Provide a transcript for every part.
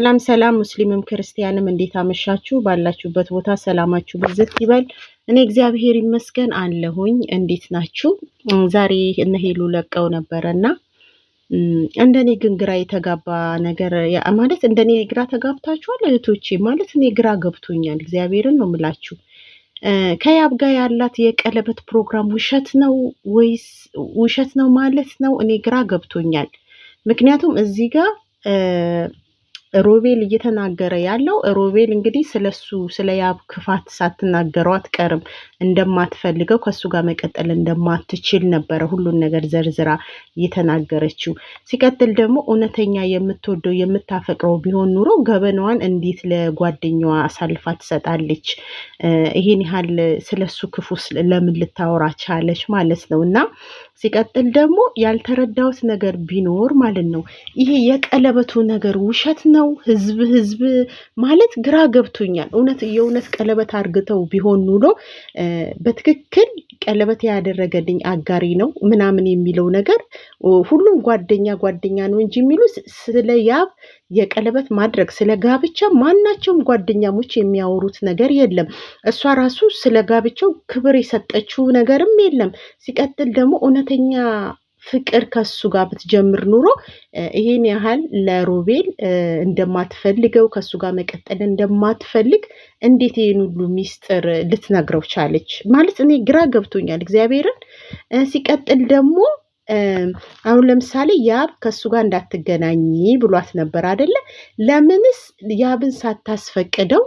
ሰላም ሰላም ሙስሊምም ክርስቲያንም እንዴት አመሻችሁ? ባላችሁበት ቦታ ሰላማችሁ ብዝት ይበል። እኔ እግዚአብሔር ይመስገን አለሁኝ። እንዴት ናችሁ? ዛሬ እነሄሉ ለቀው ነበረና እንደኔ ግን ግራ የተጋባ ነገር ማለት እንደኔ ግራ ተጋብታችኋል እህቶቼ። ማለት እኔ ግራ ገብቶኛል። እግዚአብሔርን ነው ምላችሁ። ከያብ ጋር ያላት የቀለበት ፕሮግራም ውሸት ነው ወይስ ውሸት ነው ማለት ነው? እኔ ግራ ገብቶኛል። ምክንያቱም እዚህ ጋር ሮቤል እየተናገረ ያለው ሮቤል እንግዲህ ስለሱ ስለ ያብ ክፋት ሳትናገረው አትቀርም እንደማትፈልገው ከሱ ጋር መቀጠል እንደማትችል ነበረ ሁሉን ነገር ዘርዝራ እየተናገረችው። ሲቀጥል ደግሞ እውነተኛ የምትወደው የምታፈቅረው ቢሆን ኑሮ ገበናዋን እንዴት ለጓደኛዋ አሳልፋ ትሰጣለች? ይሄን ያህል ስለሱ ክፉ ለምን ልታወራ ቻለች ማለት ነው እና ሲቀጥል ደግሞ ያልተረዳሁት ነገር ቢኖር ማለት ነው ይሄ የቀለበቱ ነገር ውሸት ነው። ህዝብ ህዝብ ማለት ግራ ገብቶኛል። እውነት የእውነት ቀለበት አርግተው ቢሆን ኑሮ በትክክል ቀለበት ያደረገልኝ አጋሪ ነው ምናምን የሚለው ነገር ሁሉም ጓደኛ ጓደኛ ነው እንጂ የሚሉ ስለ ያብ የቀለበት ማድረግ ስለ ጋብቻ ማናቸውም ጓደኛሞች የሚያወሩት ነገር የለም። እሷ ራሱ ስለ ጋብቻው ክብር የሰጠችው ነገርም የለም። ሲቀጥል ደግሞ እውነተኛ ፍቅር ከሱ ጋር ብትጀምር ኑሮ ይህን ያህል ለሮቤል እንደማትፈልገው ከሱ ጋር መቀጠል እንደማትፈልግ እንዴት ይህን ሁሉ ሚስጥር ልትነግረው ቻለች? ማለት እኔ ግራ ገብቶኛል እግዚአብሔርን። ሲቀጥል ደግሞ አሁን ለምሳሌ ያብ ከእሱ ጋር እንዳትገናኝ ብሏት ነበር አደለ? ለምንስ ያብን ሳታስፈቅደው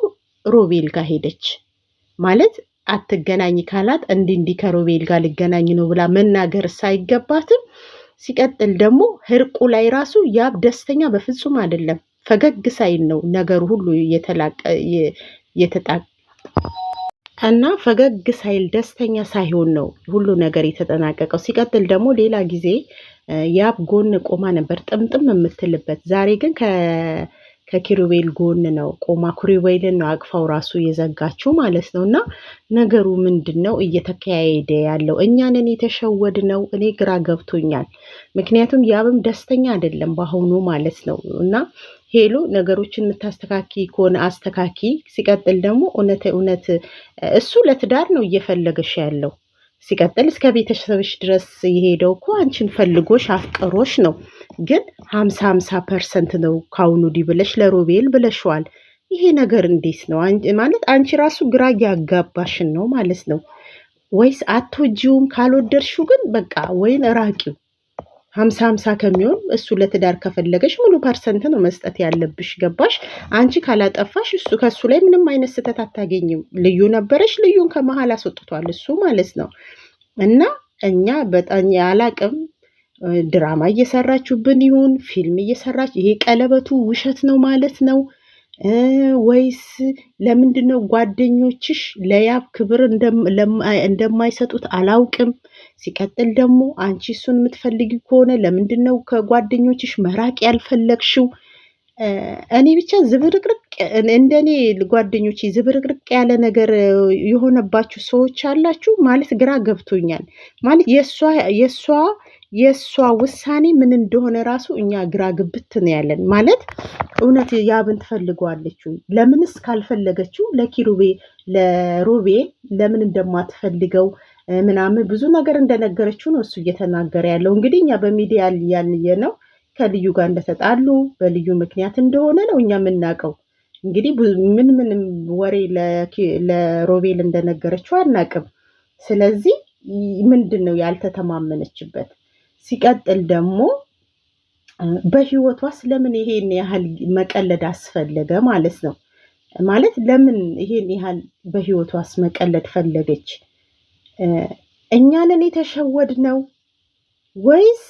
ሮቤል ጋር ሄደች? ማለት አትገናኝ ካላት እንዲ እንዲ ከሮቤል ጋር ልገናኝ ነው ብላ መናገር ሳይገባትም፣ ሲቀጥል ደግሞ ህርቁ ላይ ራሱ ያብ ደስተኛ በፍጹም አይደለም። ፈገግ ሳይን ነው ነገሩ ሁሉ የተጣ እና ፈገግ ሳይል ደስተኛ ሳይሆን ነው ሁሉ ነገር የተጠናቀቀው። ሲቀጥል ደግሞ ሌላ ጊዜ ያብ ጎን ቆማ ነበር ጥምጥም የምትልበት። ዛሬ ግን ከኪሩቤል ጎን ነው ቆማ ኩሩቤልን ነው አቅፋው ራሱ የዘጋችው ማለት ነው። እና ነገሩ ምንድን ነው እየተካሄደ ያለው? እኛንን የተሸወድ ነው። እኔ ግራ ገብቶኛል። ምክንያቱም ያብም ደስተኛ አይደለም በአሁኑ ማለት ነው እና ሄሎ ነገሮችን የምታስተካኪ ከሆነ አስተካኪ። ሲቀጥል ደግሞ እውነት እውነት እሱ ለትዳር ነው እየፈለገሽ ያለው። ሲቀጥል እስከ ቤተሰብሽ ድረስ የሄደው እኮ አንቺን ፈልጎሽ አፍቅሮሽ ነው። ግን ሀምሳ ሀምሳ ፐርሰንት ነው ካሁኑ ዲ ብለሽ ለሮቤል ብለሽዋል። ይሄ ነገር እንዴት ነው ማለት አንቺ ራሱ ግራ ያጋባሽን ነው ማለት ነው። ወይስ አትወጂውም? ካልወደድሽው ግን በቃ ወይን ራቂው። ሀምሳ ሀምሳ ከሚሆን እሱ ለትዳር ከፈለገሽ ሙሉ ፐርሰንት ነው መስጠት ያለብሽ። ገባሽ? አንቺ ካላጠፋሽ እሱ ከእሱ ላይ ምንም አይነት ስህተት አታገኝም። ልዩ ነበረሽ፣ ልዩን ከመሀል አስወጥቷል እሱ ማለት ነው። እና እኛ በጣም አላቅም ድራማ እየሰራችሁብን ይሁን ፊልም እየሰራች ይሄ ቀለበቱ ውሸት ነው ማለት ነው ወይስ ለምንድን ነው ጓደኞችሽ ለያብ ክብር እንደማይሰጡት አላውቅም። ሲቀጥል ደግሞ አንቺ እሱን የምትፈልጊ ከሆነ ለምንድን ነው ከጓደኞችሽ መራቅ ያልፈለግሽው? እኔ ብቻ ዝብርቅርቅ እንደ እኔ ዝብርቅርቅ ያለ ነገር የሆነባችሁ ሰዎች አላችሁ ማለት ግራ ገብቶኛል። ማለት የእሷ የእሷ ውሳኔ ምን እንደሆነ ራሱ እኛ ግራ ግብት ነው ያለን። ማለት እውነት ያብን ትፈልገዋለች? ለምንስ ካልፈለገችው ለኪሩቤ ለሮቤ ለምን እንደማትፈልገው ምናምን ብዙ ነገር እንደነገረችው ነው እሱ እየተናገረ ያለው። እንግዲህ እኛ በሚዲያ ያልየ ነው ከልዩ ጋር እንደተጣሉ በልዩ ምክንያት እንደሆነ ነው እኛ የምናውቀው። እንግዲህ ምን ምን ወሬ ለሮቤል እንደነገረችው አናውቅም። ስለዚህ ምንድን ነው ያልተተማመነችበት? ሲቀጥል ደግሞ በህይወቷ ስለምን ይሄን ያህል መቀለድ አስፈለገ ማለት ነው ማለት ለምን ይሄን ያህል በህይወቷስ መቀለድ ፈለገች? እኛንን የተሸወድ ነው ወይስ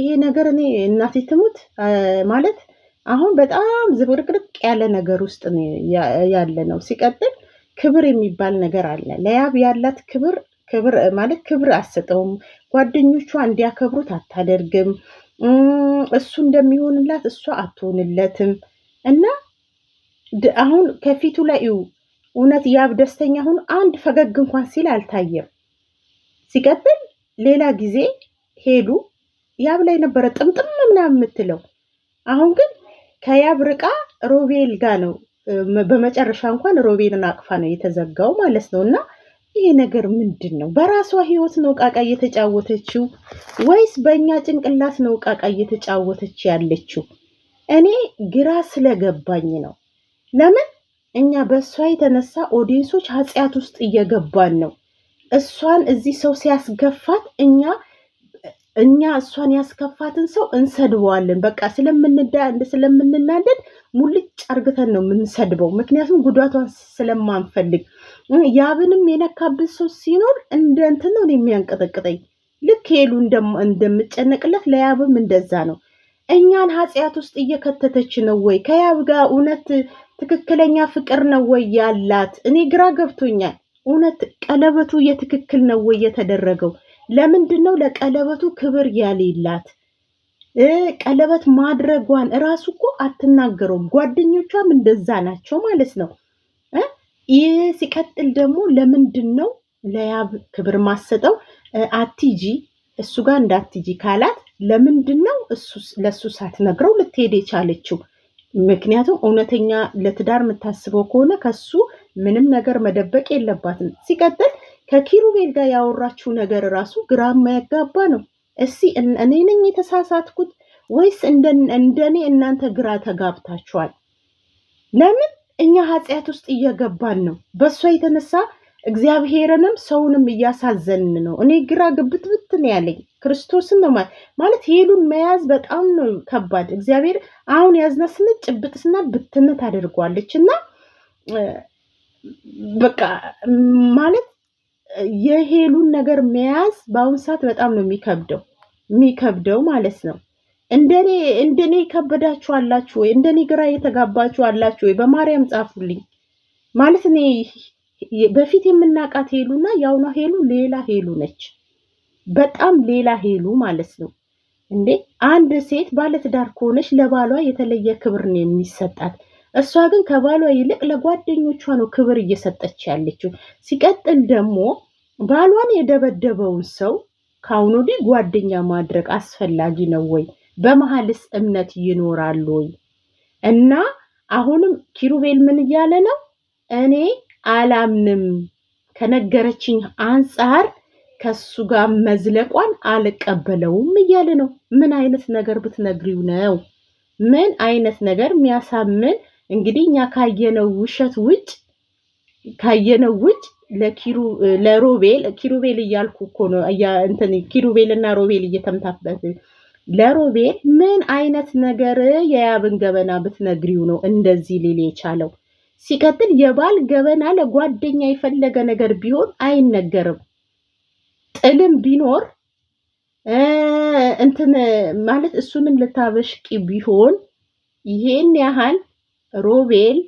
ይሄ ነገር እኔ እናቴ ትሙት ማለት አሁን በጣም ዝብርቅርቅ ያለ ነገር ውስጥ ያለ ነው። ሲቀጥል ክብር የሚባል ነገር አለ። ለያብ ያላት ክብር ክብር ማለት ክብር አሰጠውም። ጓደኞቿ እንዲያከብሩት አታደርግም። እሱ እንደሚሆንላት እሷ አትሆንለትም። እና አሁን ከፊቱ ላይ እውነት ያብ ደስተኛ ሁን አንድ ፈገግ እንኳን ሲል አልታየም። ሲቀጥል ሌላ ጊዜ ሄዱ ያብ ላይ ነበረ ጥምጥም ምናምን የምትለው። አሁን ግን ከያብ ርቃ ሮቤል ጋ ነው። በመጨረሻ እንኳን ሮቤልን አቅፋ ነው የተዘጋው ማለት ነው። እና ይሄ ነገር ምንድን ነው? በራሷ ህይወት ነው ቃቃ እየተጫወተችው ወይስ በእኛ ጭንቅላት ነው ቃቃ እየተጫወተች ያለችው? እኔ ግራ ስለገባኝ ነው ለምን እኛ በእሷ የተነሳ ኦዲንሶች ኃጢአት ውስጥ እየገባን ነው። እሷን እዚህ ሰው ሲያስገፋት እኛ እኛ እሷን ያስከፋትን ሰው እንሰድበዋለን። በቃ ስለምንናደድ ሙልጭ አርግተን ነው የምንሰድበው፣ ምክንያቱም ጉዳቷን ስለማንፈልግ። ያብንም የነካብን ሰው ሲኖር እንደ እንትን ነው የሚያንቀጠቅጠኝ። ልክ ሄሉ እንደምጨነቅለት ለያብም እንደዛ ነው። እኛን ኃጢአት ውስጥ እየከተተች ነው ወይ? ከያብ ጋር እውነት ትክክለኛ ፍቅር ነው ወይ ያላት? እኔ ግራ ገብቶኛል። እውነት ቀለበቱ የትክክል ነው ወይ የተደረገው? ለምንድን ነው ለቀለበቱ ክብር ያሌላት? ቀለበት ማድረጓን እራሱ እኮ አትናገረውም። ጓደኞቿም እንደዛ ናቸው ማለት ነው። ይህ ሲቀጥል ደግሞ ለምንድን ነው ለያብ ክብር ማሰጠው? አትጂ እሱ ጋር እንዳትጂ ካላት ለምንድን ነው ለእሱ ሳትነግረው ልትሄድ የቻለችው? ምክንያቱም እውነተኛ ለትዳር የምታስበው ከሆነ ከሱ ምንም ነገር መደበቅ የለባትም። ሲቀጥል ከኪሩቤል ጋር ያወራችው ነገር ራሱ ግራ የማያጋባ ነው። እስኪ እኔ ነኝ የተሳሳትኩት ወይስ እንደኔ እናንተ ግራ ተጋብታችኋል? ለምን እኛ ኃጢአት ውስጥ እየገባን ነው? በእሷ የተነሳ እግዚአብሔርንም ሰውንም እያሳዘንን ነው። እኔ ግራ ግብትብት ነው ያለኝ ክርስቶስን ነው ማለት ሄሉን መያዝ በጣም ነው ከባድ። እግዚአብሔር አሁን ያዝና ስንት ጭብጥስና ብትነት አድርጓለች እና በቃ ማለት የሄሉን ነገር መያዝ በአሁን ሰዓት በጣም ነው የሚከብደው የሚከብደው ማለት ነው። እንደኔ እንደኔ ከበዳችሁ አላችሁ ወይ? እንደኔ ግራ የተጋባችሁ አላችሁ ወይ? በማርያም ጻፉልኝ ማለት እኔ በፊት የምናውቃት ሄሉና የአሁኗ ሄሉ ሌላ ሄሉ ነች። በጣም ሌላ ሄሉ ማለት ነው። እንዴ አንድ ሴት ባለትዳር ከሆነች ለባሏ የተለየ ክብር ነው የሚሰጣት። እሷ ግን ከባሏ ይልቅ ለጓደኞቿ ነው ክብር እየሰጠች ያለችው። ሲቀጥል ደግሞ ባሏን የደበደበውን ሰው ከአሁኑ ወዲህ ጓደኛ ማድረግ አስፈላጊ ነው ወይ? በመሀልስ እምነት ይኖራል ወይ? እና አሁንም ኪሩቤል ምን እያለ ነው እኔ አላምንም ከነገረችኝ አንጻር ከሱ ጋር መዝለቋን አልቀበለውም እያለ ነው። ምን አይነት ነገር ብትነግሪው ነው? ምን አይነት ነገር የሚያሳምን እንግዲህ እኛ ካየነው ውሸት ውጭ ካየነው ውጭ ለኪሩ ለሮቤል ኪሩቤል እያልኩ እኮ ነው እንትን ኪሩቤል እና ሮቤል እየተምታበት ለሮቤል ምን አይነት ነገር የያብን ገበና ብትነግሪው ነው እንደዚህ ሊል የቻለው? ሲቀጥል የባል ገበና ለጓደኛ የፈለገ ነገር ቢሆን አይነገርም። ጥልም ቢኖር እንትን ማለት እሱንም ልታበሽቂ ቢሆን ይሄን ያህል ሮቤል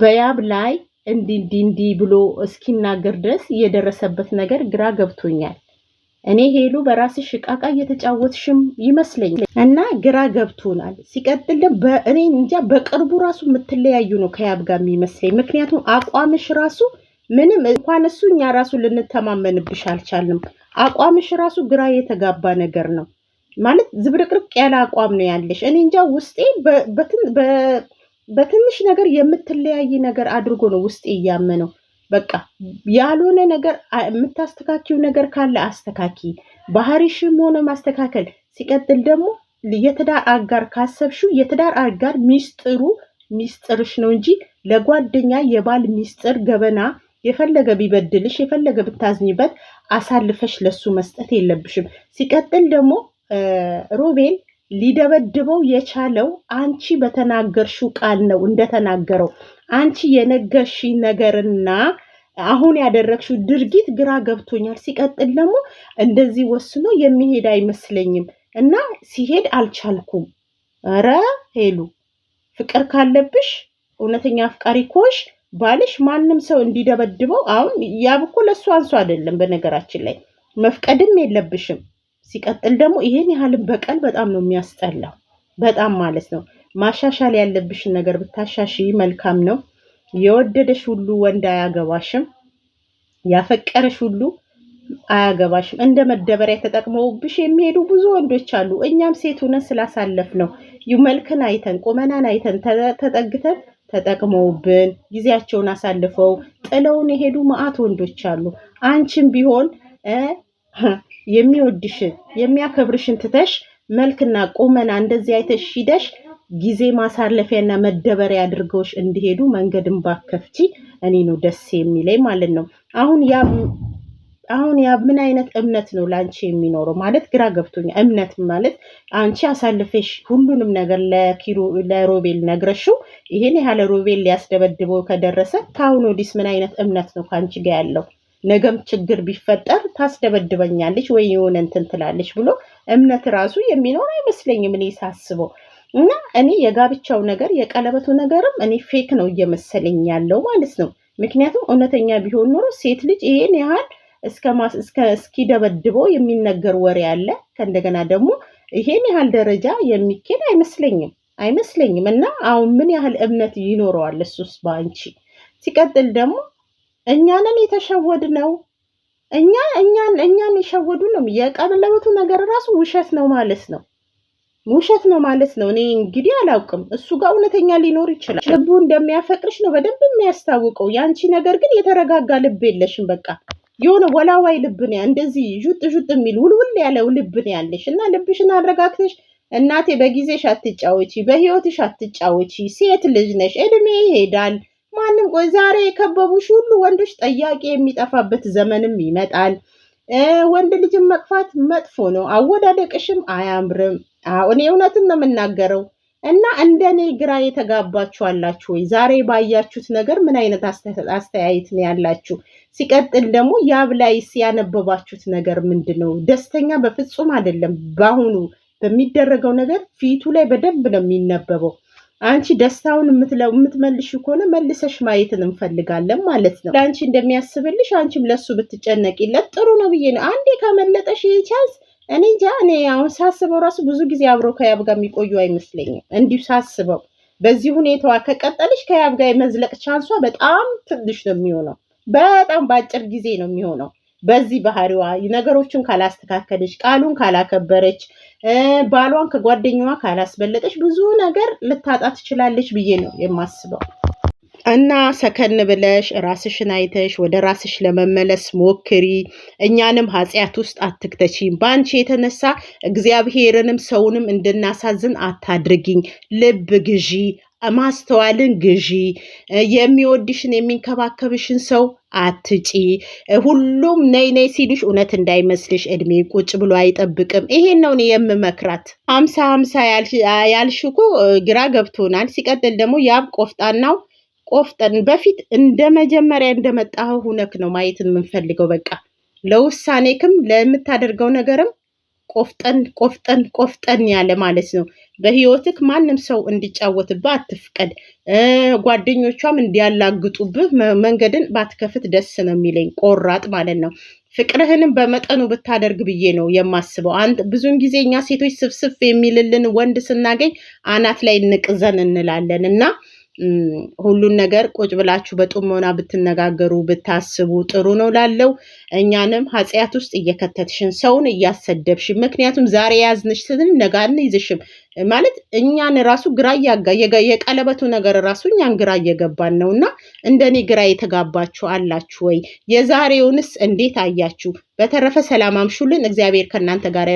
በያብ ላይ እንዲ እንዲህ ብሎ እስኪናገር ድረስ የደረሰበት ነገር ግራ ገብቶኛል። እኔ ሄሉ በራስሽ እቃቃ እየተጫወትሽም ይመስለኝ እና ግራ ገብቶናል። ሲቀጥል ደግሞ እኔ እንጃ በቅርቡ ራሱ የምትለያዩ ነው ከያብ ጋር የሚመስለኝ። ምክንያቱም አቋምሽ ራሱ ምንም እንኳን እሱ እኛ ራሱ ልንተማመንብሽ አልቻልንም። አቋምሽ ራሱ ግራ የተጋባ ነገር ነው ማለት ዝብርቅርቅ ያለ አቋም ነው ያለሽ። እኔ እንጃ ውስጤ በትንሽ ነገር የምትለያይ ነገር አድርጎ ነው ውስጤ እያመነው በቃ ያልሆነ ነገር የምታስተካኪው ነገር ካለ አስተካኪ፣ ባህሪሽም ሆነ ማስተካከል። ሲቀጥል ደግሞ የትዳር አጋር ካሰብሽው የትዳር አጋር ሚስጥሩ ሚስጥርሽ ነው እንጂ ለጓደኛ የባል ሚስጥር ገበና የፈለገ ቢበድልሽ የፈለገ ብታዝኝበት አሳልፈሽ ለሱ መስጠት የለብሽም። ሲቀጥል ደግሞ ሮቤል ሊደበድበው የቻለው አንቺ በተናገርሽው ቃል ነው። እንደተናገረው አንቺ የነገርሽ ነገርና አሁን ያደረግሽው ድርጊት ግራ ገብቶኛል። ሲቀጥል ደግሞ እንደዚህ ወስኖ የሚሄድ አይመስለኝም እና ሲሄድ አልቻልኩም። ኧረ ሄሉ ፍቅር ካለብሽ እውነተኛ አፍቃሪ ኮሽ ባልሽ ማንም ሰው እንዲደበድበው አሁን ያብኮ ለእሱ አንሱ አይደለም። በነገራችን ላይ መፍቀድም የለብሽም። ሲቀጥል ደግሞ ይሄን ያህልን በቀል በጣም ነው የሚያስጠላው። በጣም ማለት ነው። ማሻሻል ያለብሽን ነገር ብታሻሽ መልካም ነው። የወደደሽ ሁሉ ወንድ አያገባሽም። ያፈቀረሽ ሁሉ አያገባሽም። እንደ መደበሪያ ተጠቅመውብሽ የሚሄዱ ብዙ ወንዶች አሉ። እኛም ሴት ሆነን ስላሳለፍ ነው መልክን አይተን ቁመናን አይተን ተጠግተን ተጠቅመውብን ጊዜያቸውን አሳልፈው ጥለውን የሄዱ መዓት ወንዶች አሉ። አንቺም ቢሆን የሚወድሽን የሚያከብርሽን ትተሽ መልክና ቁመና እንደዚህ አይተሽ ሂደሽ ጊዜ ማሳለፊያና መደበሪያ አድርገውሽ እንዲሄዱ መንገድን ባከፍቺ እኔ ነው ደስ የሚለኝ ማለት ነው። አሁን ያ አሁን ያ ምን አይነት እምነት ነው ለአንቺ የሚኖረው? ማለት ግራ ገብቶኛል። እምነት ማለት አንቺ አሳልፈሽ ሁሉንም ነገር ለኪሩ ለሮቤል ነግረሽው ይሄን ያህል ሮቤል ሊያስደበድበው ከደረሰ ከአሁን ወዲስ ምን አይነት እምነት ነው ከአንቺ ጋር ያለው? ነገም ችግር ቢፈጠር ታስደበድበኛለች ወይ የሆነ እንትን ትላለች ብሎ እምነት ራሱ የሚኖር አይመስለኝም እኔ ሳስበው እና እኔ የጋብቻው ነገር የቀለበቱ ነገርም እኔ ፌክ ነው እየመሰለኝ ያለው ማለት ነው። ምክንያቱም እውነተኛ ቢሆን ኖሮ ሴት ልጅ ይሄን ያህል እስኪደበድበው የሚነገር ወሬ አለ። ከእንደገና ደግሞ ይሄን ያህል ደረጃ የሚኬድ አይመስለኝም አይመስለኝም። እና አሁን ምን ያህል እምነት ይኖረዋል እሱስ በአንቺ ሲቀጥል ደግሞ እኛንም የተሸወድ ነው። እኛ እኛን እኛን የሸወዱ ነው። የቀለበቱ ነገር ራሱ ውሸት ነው ማለት ነው። ውሸት ነው ማለት ነው። እኔ እንግዲህ አላውቅም። እሱ ጋር እውነተኛ ሊኖር ይችላል። ልቡ እንደሚያፈቅርሽ ነው በደንብ የሚያስታውቀው። የአንቺ ነገር ግን የተረጋጋ ልብ የለሽም። በቃ የሆነ ወላዋይ ልብ ነው። እንደዚህ ዥጥ ዥጥ የሚል ውልውል ያለው ልብ ነው ያለሽ እና ልብሽን አረጋግተሽ እናቴ፣ በጊዜሽ አትጫወቺ፣ በህይወትሽ አትጫወቺ። ሴት ልጅ ነሽ፣ እድሜ ይሄዳል። ማንም ቆይ ዛሬ የከበቡሽ ሁሉ ወንዶች ጠያቂ የሚጠፋበት ዘመንም ይመጣል። ወንድ ልጅም መቅፋት መጥፎ ነው። አወዳደቅሽም አያምርም። እኔ እውነትን ነው የምናገረው። እና እንደኔ ግራ የተጋባችሁ አላችሁ ወይ? ዛሬ ባያችሁት ነገር ምን አይነት አስተያየት ነው ያላችሁ? ሲቀጥል ደግሞ ያብ ላይ ሲያነበባችሁት ነገር ምንድን ነው? ደስተኛ በፍጹም አይደለም። በአሁኑ በሚደረገው ነገር ፊቱ ላይ በደንብ ነው የሚነበበው። አንቺ ደስታውን የምትመልሽ ከሆነ መልሰሽ ማየትን እንፈልጋለን ማለት ነው። ለአንቺ እንደሚያስብልሽ አንቺም ለሱ ብትጨነቂለት ጥሩ ነው ብዬ ነው። አንዴ ከመለጠሽ ይሄ ቻንስ እኔ እንጃ። እኔ አሁን ሳስበው ራሱ ብዙ ጊዜ አብሮ ከያብ ጋር የሚቆዩ አይመስለኝም። እንዲሁ ሳስበው በዚህ ሁኔታዋ ከቀጠልሽ ከያብ ጋር የመዝለቅ ቻንሷ በጣም ትንሽ ነው የሚሆነው። በጣም በአጭር ጊዜ ነው የሚሆነው። በዚህ ባህሪዋ ነገሮችን ካላስተካከለች፣ ቃሉን ካላከበረች፣ ባሏን ከጓደኛዋ ካላስበለጠች ብዙ ነገር ልታጣ ትችላለች ብዬ ነው የማስበው። እና ሰከን ብለሽ ራስሽን አይተሽ ወደ ራስሽ ለመመለስ ሞክሪ። እኛንም ኃጢአት ውስጥ አትክተችኝ። በአንቺ የተነሳ እግዚአብሔርንም ሰውንም እንድናሳዝን አታድርጊኝ። ልብ ግዢ፣ ማስተዋልን ግዢ። የሚወድሽን የሚንከባከብሽን ሰው አትጪ። ሁሉም ነይ ነይ ሲልሽ እውነት እንዳይመስልሽ፣ እድሜ ቁጭ ብሎ አይጠብቅም። ይሄን ነው የምመክራት። አምሳ አምሳ ያልሽ እኮ ግራ ገብቶናል። ሲቀጥል ደግሞ ያብ ቆፍጣናው ቆፍጠን በፊት እንደ መጀመሪያ እንደመጣኸው ሁነክ ነው ማየት የምንፈልገው። በቃ ለውሳኔክም ለምታደርገው ነገርም ቆፍጠን ቆፍጠን ቆፍጠን ያለ ማለት ነው። በህይወትክ ማንም ሰው እንዲጫወትብህ አትፍቀድ። ጓደኞቿም እንዲያላግጡብህ መንገድን ባትከፍት ደስ ነው የሚለኝ፣ ቆራጥ ማለት ነው። ፍቅርህንም በመጠኑ ብታደርግ ብዬ ነው የማስበው። አንድ ብዙን ጊዜ እኛ ሴቶች ስፍስፍ የሚልልን ወንድ ስናገኝ አናት ላይ ንቅዘን እንላለን እና ሁሉን ነገር ቁጭ ብላችሁ በጥሞና ብትነጋገሩ ብታስቡ ጥሩ ነው ላለው እኛንም ኃጢአት ውስጥ እየከተትሽን ሰውን እያሰደብሽ ምክንያቱም ዛሬ ያዝንሽ ስትን ነጋን ይዝሽም ማለት እኛን ራሱ ግራ የቀለበቱ ነገር ራሱ እኛን ግራ እየገባን ነው እና እንደኔ ግራ የተጋባችሁ አላችሁ ወይ? የዛሬውንስ እንዴት አያችሁ? በተረፈ ሰላም አምሹልን። እግዚአብሔር ከእናንተ ጋር